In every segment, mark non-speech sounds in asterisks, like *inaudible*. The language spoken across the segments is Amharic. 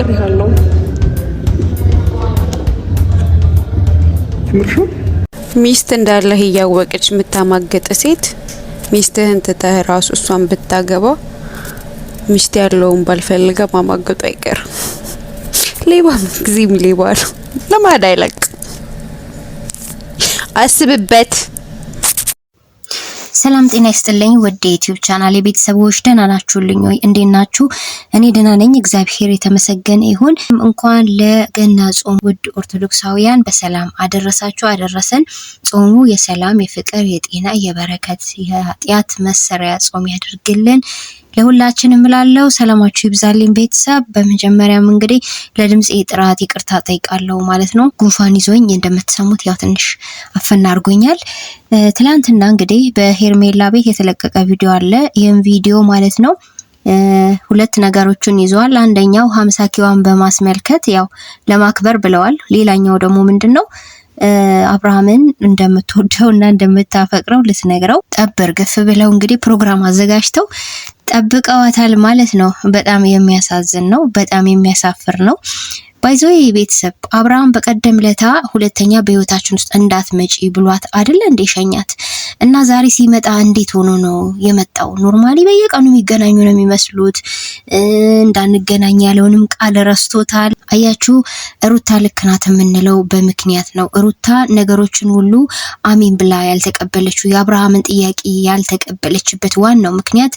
አፍቅሬሃለሁ። ሚስት እንዳለህ እያወቀች የምታማገጥ ሴት ሚስትህን ትተህ ራሱ እሷን ብታገባ ሚስት ያለውን ባልፈልገ ማማገጡ አይቀርም። ሌባ ጊዜም ሌባ ነው። ለማዳ አይለቅ። አስብበት። ሰላም ጤና ይስጥልኝ። ወደ ዩቲዩብ ቻናል የቤተሰቦች ደህና ናችሁልኝ ወይ? እንዴት ናችሁ? እኔ ደህና ነኝ፣ እግዚአብሔር የተመሰገነ ይሁን። እንኳን ለገና ጾም ውድ ኦርቶዶክሳውያን በሰላም አደረሳችሁ አደረሰን። ጾሙ የሰላም የፍቅር፣ የጤና፣ የበረከት፣ የኃጢአት መሰሪያ ጾም ያደርግልን። ለሁላችንም እላለሁ። ሰላማችሁ ይብዛልኝ ቤተሰብ። በመጀመሪያም እንግዲህ ለድምፅ ጥራት ይቅርታ ጠይቃለሁ ማለት ነው። ጉንፋን ይዞኝ እንደምትሰሙት ያው ትንሽ አፈና አድርጎኛል። ትላንትና እንግዲህ በሄርሜላ ቤት የተለቀቀ ቪዲዮ አለ። ይህም ቪዲዮ ማለት ነው ሁለት ነገሮችን ይዘዋል። አንደኛው ሀምሳ ኪዋን በማስመልከት ያው ለማክበር ብለዋል። ሌላኛው ደግሞ ምንድን ነው አብርሃምን እንደምትወደው እና እንደምታፈቅረው ልትነግረው ጠብ እርግፍ ብለው እንግዲህ ፕሮግራም አዘጋጅተው ጠብቀዋታል ማለት ነው። በጣም የሚያሳዝን ነው። በጣም የሚያሳፍር ነው። ባይዞ ቤተሰብ አብርሃም በቀደም ለታ ሁለተኛ በህይወታችን ውስጥ እንዳት መጪ ብሏት አይደለ እንዴ ሸኛት እና ዛሬ ሲመጣ እንዴት ሆኖ ነው የመጣው? ኖርማሊ በየቀኑ የሚገናኙ ነው የሚመስሉት። እንዳንገናኝ ያለውንም ቃል ረስቶታል። አያችሁ ሩታ ልክ ናት የምንለው በምክንያት ነው። ሩታ ነገሮችን ሁሉ አሚን ብላ ያልተቀበለችው የአብርሃምን ጥያቄ ያልተቀበለችበት ዋናው ምክንያት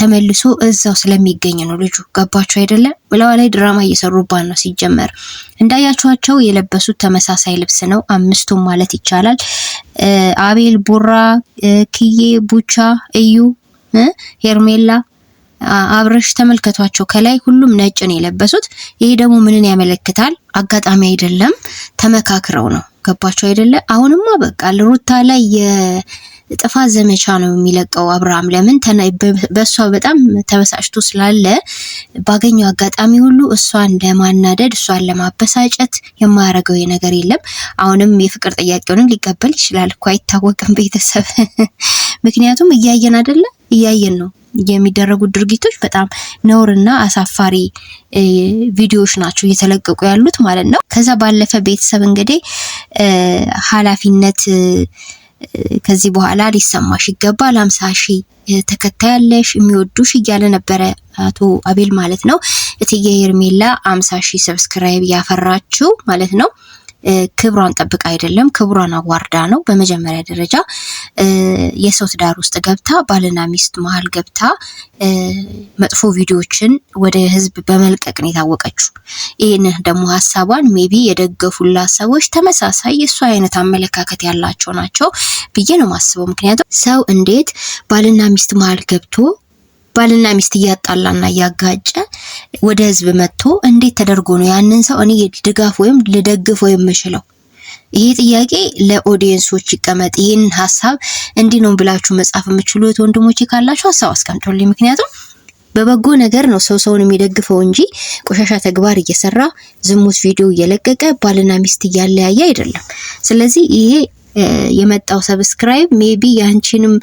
ተመልሶ እዛው ስለሚገኝ ነው ልጁ። ገባችሁ አይደለም? ብለዋ ላይ ድራማ እየሰሩባት ነው። ሲጀመር እንዳያችኋቸው የለበሱት ተመሳሳይ ልብስ ነው፣ አምስቱም ማለት ይቻላል። አቤል፣ ቡራ፣ ክዬ፣ ቡቻ፣ እዩ፣ ሄርሜላ አብረሽ ተመልከቷቸው። ከላይ ሁሉም ነጭ ነው የለበሱት። ይሄ ደግሞ ምንን ያመለክታል? አጋጣሚ አይደለም፣ ተመካክረው ነው። ገባቸው አይደለ? አሁንማ በቃ ሩታ ላይ ጥፋት ዘመቻ ነው የሚለቀው አብርሃም። ለምን በእሷ በጣም ተበሳጭቶ ስላለ ባገኘው አጋጣሚ ሁሉ እሷን ለማናደድ እሷን ለማበሳጨት የማያደርገው ነገር የለም። አሁንም የፍቅር ጥያቄውንም ሊቀበል ይችላል እኮ አይታወቅም፣ ቤተሰብ *laughs* ምክንያቱም እያየን አይደለ እያየን ነው የሚደረጉት ድርጊቶች በጣም ነውርና አሳፋሪ ቪዲዮዎች ናቸው እየተለቀቁ ያሉት ማለት ነው። ከዛ ባለፈ ቤተሰብ እንግዲህ ኃላፊነት ከዚህ በኋላ ሊሰማሽ ይገባል። አምሳ ሺህ ተከታይ የሚወዱሽ እያለ ነበረ አቶ አቤል ማለት ነው። እትዬ ሄርሜላ አምሳ ሺህ ሰብስክራይብ ያፈራችው ማለት ነው። ክብሯን ጠብቃ አይደለም፣ ክብሯን አዋርዳ ነው። በመጀመሪያ ደረጃ የሰው ትዳር ውስጥ ገብታ ባልና ሚስት መሀል ገብታ መጥፎ ቪዲዮዎችን ወደ ህዝብ በመልቀቅ ነው የታወቀችው። ይህንን ደግሞ ሀሳቧን ሜቢ የደገፉላት ሰዎች ተመሳሳይ የእሱ አይነት አመለካከት ያላቸው ናቸው ብዬ ነው ማስበው። ምክንያቱም ሰው እንዴት ባልና ሚስት መሀል ገብቶ ባልና ሚስት እያጣላና እያጋጨ ወደ ህዝብ መጥቶ እንዴት ተደርጎ ነው ያንን ሰው እኔ ድጋፍ ወይም ልደግፈው የምችለው? ይሄ ጥያቄ ለኦዲየንሶች ይቀመጥ። ይህን ሀሳብ እንዲህ ነው ብላችሁ መጻፍ የምችሉት ወንድሞቼ ካላችሁ ሀሳብ አስቀምጦልኝ። ምክንያቱም በበጎ ነገር ነው ሰው ሰውን የሚደግፈው እንጂ ቆሻሻ ተግባር እየሰራ ዝሙት ቪዲዮ እየለቀቀ ባልና ሚስት እያለያየ አይደለም። ስለዚህ ይሄ የመጣው ሰብስክራይብ ሜቢ ያንቺንም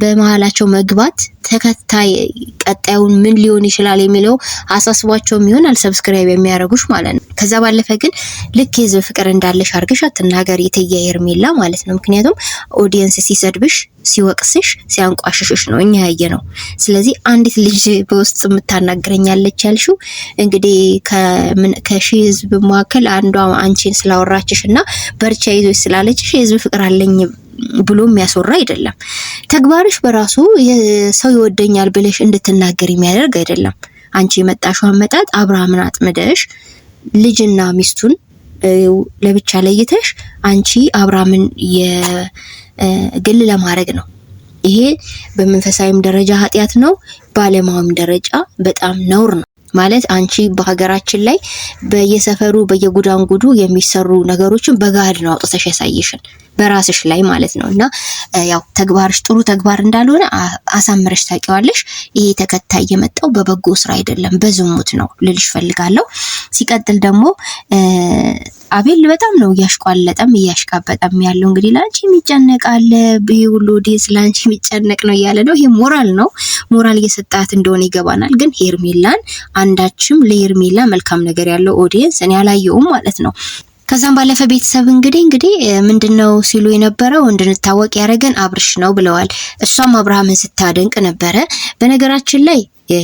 በመሀላቸው መግባት ተከታይ ቀጣዩን ምን ሊሆን ይችላል የሚለው አሳስቧቸውም ይሆናል ሰብስክራይብ የሚያደርጉሽ ማለት ነው። ከዛ ባለፈ ግን ልክ የህዝብ ፍቅር እንዳለሽ አድርገሽ አትናገር እትዬ ሄርሜላ ማለት ነው። ምክንያቱም ኦዲየንስ ሲሰድብሽ ሲወቅስሽ ሲያንቋሽሽሽ ነው እኛ ያየ ነው። ስለዚህ አንዲት ልጅ በውስጥ የምታናግረኛለች ያልሽው እንግዲህ ከሺ ህዝብ መካከል አንዷ አንቺን ስላወራችሽ እና በርቻ ይዞች ስላለችሽ የህዝብ ፍቅር አለኝ ብሎ የሚያስወራ አይደለም። ተግባርሽ በራሱ ሰው ይወደኛል ብለሽ እንድትናገር የሚያደርግ አይደለም። አንቺ የመጣሽው አመጣጥ አብርሃምን አጥምደሽ ልጅና ሚስቱን ለብቻ ለይተሽ አንቺ አብርሃምን ግል ለማድረግ ነው። ይሄ በመንፈሳዊም ደረጃ ኃጢአት ነው፣ በዓለማዊም ደረጃ በጣም ነውር ነው። ማለት አንቺ በሀገራችን ላይ በየሰፈሩ በየጉዳንጉዱ የሚሰሩ ነገሮችን በጋድ ነው አውጥተሽ ያሳየሽን በራስሽ ላይ ማለት ነው። እና ያው ተግባርሽ ጥሩ ተግባር እንዳልሆነ አሳምረሽ ታውቂዋለሽ። ይሄ ተከታይ የመጣው በበጎ ስራ አይደለም በዝሙት ነው ልልሽ ፈልጋለሁ። ሲቀጥል ደግሞ አቤል በጣም ነው እያሽቋለጠም እያሽቃበጠም ያለው እንግዲህ ለአንቺ የሚጨነቃል ይህ ሁሉ ዴስ ለአንቺ የሚጨነቅ ነው እያለ ነው። ይሄ ሞራል ነው ሞራል እየሰጣት እንደሆነ ይገባናል። ግን ሄርሜላን አንዳችም ለየርሜላ መልካም ነገር ያለው ኦዲየንስ እኔ አላየውም ማለት ነው። ከዛም ባለፈ ቤተሰብ እንግዲህ እንግዲህ ምንድን ነው ሲሉ የነበረው እንድንታወቅ ያደረገን አብርሽ ነው ብለዋል። እሷም አብርሃምን ስታደንቅ ነበረ። በነገራችን ላይ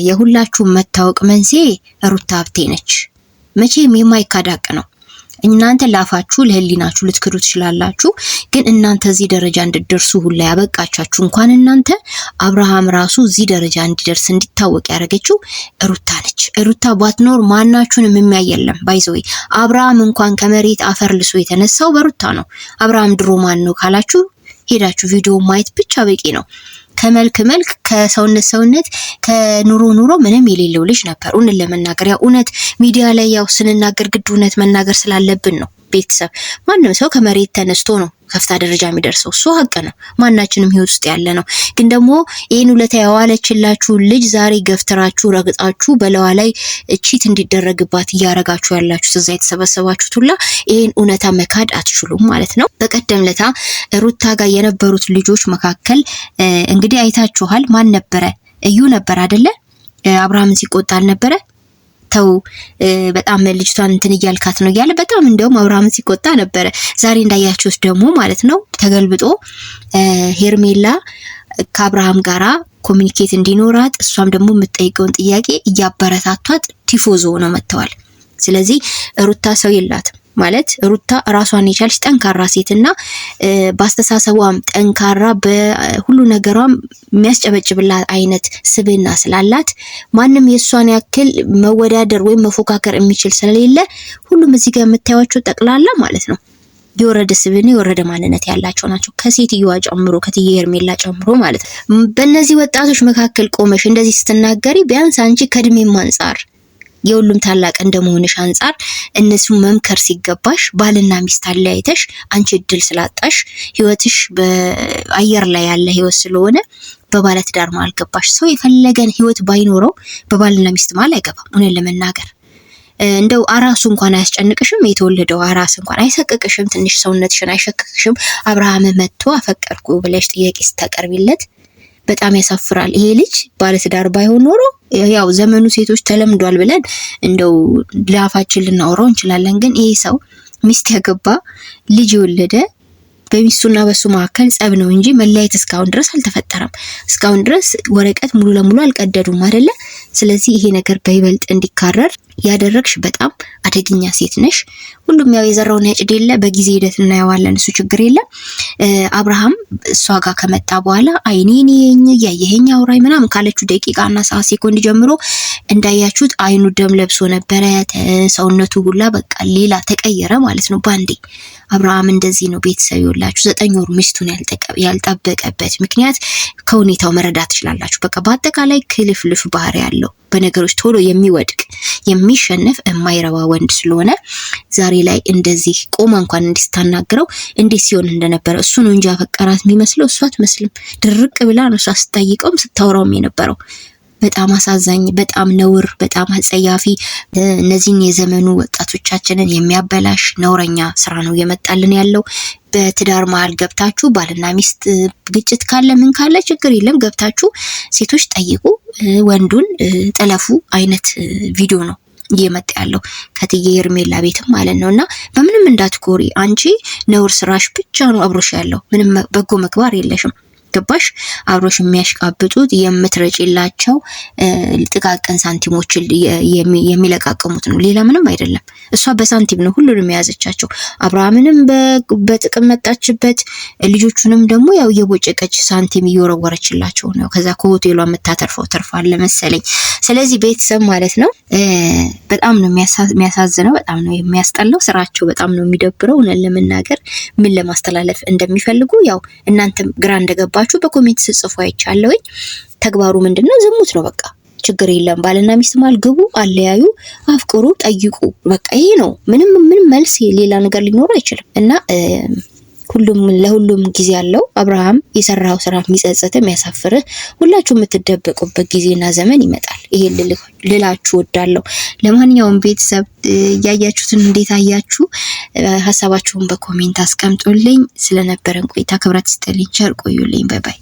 የሁላችሁም መታወቅ መንስኤ ሩታ ሀብቴ ነች። መቼም የማይካዳቅ ነው። እናንተ ላፋችሁ ለህሊናችሁ ልትክዱ ትችላላችሁ። ግን እናንተ እዚህ ደረጃ እንድደርሱ ሁላ ያበቃቻችሁ እንኳን እናንተ አብርሃም ራሱ እዚህ ደረጃ እንዲደርስ እንዲታወቅ ያደረገችው ሩታ ነች። ሩታ ባትኖር ማናችሁንም የሚያይ የለም። ባይዘወይ አብርሃም እንኳን ከመሬት አፈር ልሶ የተነሳው በሩታ ነው። አብርሃም ድሮ ማን ነው ካላችሁ ሄዳችሁ ቪዲዮ ማየት ብቻ በቂ ነው። ከመልክ መልክ፣ ከሰውነት ሰውነት፣ ከኑሮ ኑሮ ምንም የሌለው ልጅ ነበር። እውነት ለመናገር ያው እውነት ሚዲያ ላይ ያው ስንናገር ግድ እውነት መናገር ስላለብን ነው። ቤተሰብ ማንም ሰው ከመሬት ተነስቶ ነው ከፍታ ደረጃ የሚደርሰው እሱ ሀቅ ነው። ማናችንም ህይወት ውስጥ ያለ ነው። ግን ደግሞ ይህን ውለታ የዋለችላችሁ ልጅ ዛሬ ገፍትራችሁ ረግጣችሁ በለዋ ላይ እቺት እንዲደረግባት እያረጋችሁ ያላችሁ እዛ የተሰበሰባችሁት ሁላ ይህን እውነታ መካድ አትችሉም ማለት ነው። በቀደም ለታ ሩታ ጋር የነበሩት ልጆች መካከል እንግዲህ አይታችኋል። ማን ነበረ? እዩ ነበር አደለ? አብርሃምን ሲቆጣ አልነበረ? ተው በጣም ልጅቷን እንትን እያልካት ነው እያለ በጣም እንደውም አብርሃም ሲቆጣ ነበረ። ዛሬ እንዳያችሁት ደግሞ ማለት ነው ተገልብጦ ሄርሜላ ከአብርሃም ጋራ ኮሚኒኬት እንዲኖራት እሷም ደግሞ የምትጠይቀውን ጥያቄ እያበረታቷት ቲፎዞ ነው መጥተዋል። ስለዚህ ሩታ ሰው የላትም። ማለት ሩታ ራሷን የቻለች ጠንካራ ሴት እና በአስተሳሰቧም ጠንካራ በሁሉ ነገሯም የሚያስጨበጭብላት አይነት ስብዕና ስላላት ማንም የእሷን ያክል መወዳደር ወይም መፎካከር የሚችል ስለሌለ ሁሉም እዚህ ጋር የምታዩቸው ጠቅላላ ማለት ነው የወረደ ስብዕና የወረደ ማንነት ያላቸው ናቸው። ከሴትዮዋ ጨምሮ ከትዬ ሄርሜላ ጨምሮ ማለት ነው። በእነዚህ ወጣቶች መካከል ቆመሽ እንደዚህ ስትናገሪ ቢያንስ አንቺ ከእድሜም አንጻር የሁሉም ታላቅ እንደመሆንሽ አንጻር እነሱ መምከር ሲገባሽ ባልና ሚስት አለያይተሽ አንቺ እድል ስላጣሽ ህይወትሽ በአየር ላይ ያለ ህይወት ስለሆነ በባለ ትዳር መሃል ገባሽ። ሰው የፈለገን ህይወት ባይኖረው በባልና ሚስት መሃል አይገባም። እውነት ለመናገር እንደው አራሱ እንኳን አያስጨንቅሽም። የተወለደው አራስ እንኳን አይሰቅቅሽም። ትንሽ ሰውነትሽን አይሸክክሽም። አብርሃም መጥቶ አፈቀርኩ ብለሽ ጥያቄ ስታቀርቢለት በጣም ያሳፍራል። ይሄ ልጅ ባለትዳር ባይሆን ኖሮ ያው ዘመኑ ሴቶች ተለምዷል ብለን እንደው ለአፋችን ልናወራው እንችላለን። ግን ይሄ ሰው ሚስት ያገባ ልጅ የወለደ በሚስቱና በሱ መካከል ጸብ ነው እንጂ መለያየት እስካሁን ድረስ አልተፈጠረም። እስካሁን ድረስ ወረቀት ሙሉ ለሙሉ አልቀደዱም አይደለ? ስለዚህ ይሄ ነገር በይበልጥ እንዲካረር ያደረግሽ በጣም አደገኛ ሴት ነሽ። ሁሉም ያው የዘራውን ያጭድ የለ በጊዜ ሂደት እናየዋለን። እሱ ችግር የለም። አብርሃም እሷ ጋር ከመጣ በኋላ አይኔን እያየኸኝ አውራኝ ምናምን ካለችው ደቂቃና ሰዓት ሴኮንድ ጀምሮ እንዳያችሁት አይኑ ደም ለብሶ ነበረ። ሰውነቱ ሁላ በቃ ሌላ ተቀየረ ማለት ነው ባንዴ። አብርሃም እንደዚህ ነው ቤተሰብ ይወላችሁ። ዘጠኝ ወር ሚስቱን ያልጠበቀበት ምክንያት ከሁኔታው መረዳት ትችላላችሁ። በቃ በአጠቃላይ ክልፍልፍ ባህሪ ያለው በነገሮች ቶሎ የሚወድቅ የሚሸነፍ የማይረባ ወንድ ስለሆነ ዛሬ ላይ እንደዚህ ቆማ እንኳን እንዲስታናግረው እንዴት ሲሆን እንደነበረ እሱ ነው እንጂ አፈቀራት የሚመስለው እሷ አትመስልም። ድርቅ ብላ ነው እሷ ስታይቀውም ስታወራውም የነበረው። በጣም አሳዛኝ፣ በጣም ነውር፣ በጣም አጸያፊ እነዚህን የዘመኑ ወጣቶቻችንን የሚያበላሽ ነውረኛ ስራ ነው እየመጣልን ያለው። በትዳር መሀል ገብታችሁ ባልና ሚስት ግጭት ካለ ምን ካለ ችግር የለም ገብታችሁ ሴቶች ጠይቁ፣ ወንዱን ጠለፉ አይነት ቪዲዮ ነው እየመጣ ያለው ከትዬ ሄርሜላ ቤትም ማለት ነው። እና በምንም እንዳትኮሪ አንቺ ነውር ስራሽ ብቻ ነው አብሮሽ ያለው። ምንም በጎ ምግባር የለሽም። ገባሽ? አብሮሽ የሚያሽቃብጡት የምትረጭላቸው ጥቃቅን ሳንቲሞችን የሚለቃቀሙት ነው፣ ሌላ ምንም አይደለም። እሷ በሳንቲም ነው ሁሉንም የያዘቻቸው። አብርሃምንም በጥቅም መጣችበት፣ ልጆቹንም ደግሞ ያው የቦጨቀች ሳንቲም እየወረወረችላቸው ነው። ከዛ ከሆቴሏ የምታተርፈው ተርፋለ መሰለኝ። ስለዚህ ቤተሰብ ማለት ነው በጣም ነው የሚያሳዝነው፣ በጣም ነው የሚያስጠላው ስራቸው፣ በጣም ነው የሚደብረው። እውነት ለመናገር ምን ለማስተላለፍ እንደሚፈልጉ ያው እናንተም ግራ እንደገባ እንዳለባችሁ በኮሜንት ስጽፉ አይቻለሁኝ። ተግባሩ ምንድነው? ዝሙት ነው በቃ ችግር የለም። ባልና ሚስት ማል ግቡ፣ አለያዩ፣ አፍቅሩ፣ ጠይቁ። በቃ ይሄ ነው። ምንም ምንም መልስ ሌላ ነገር ሊኖረው አይችልም እና ሁሉም ለሁሉም ጊዜ አለው። አብርሃም የሰራው ስራ የሚጸጽት የሚያሳፍርህ፣ ሁላችሁ የምትደበቁበት ጊዜና ዘመን ይመጣል። ይሄ ልላችሁ ወዳለሁ። ለማንኛውም ቤተሰብ እያያችሁትን እንዴት አያችሁ? ሀሳባችሁን በኮሜንት አስቀምጡልኝ። ስለነበረን ቆይታ ክብረት ስጥልኝ። ቸር ቆዩልኝ። ባይ ባይ።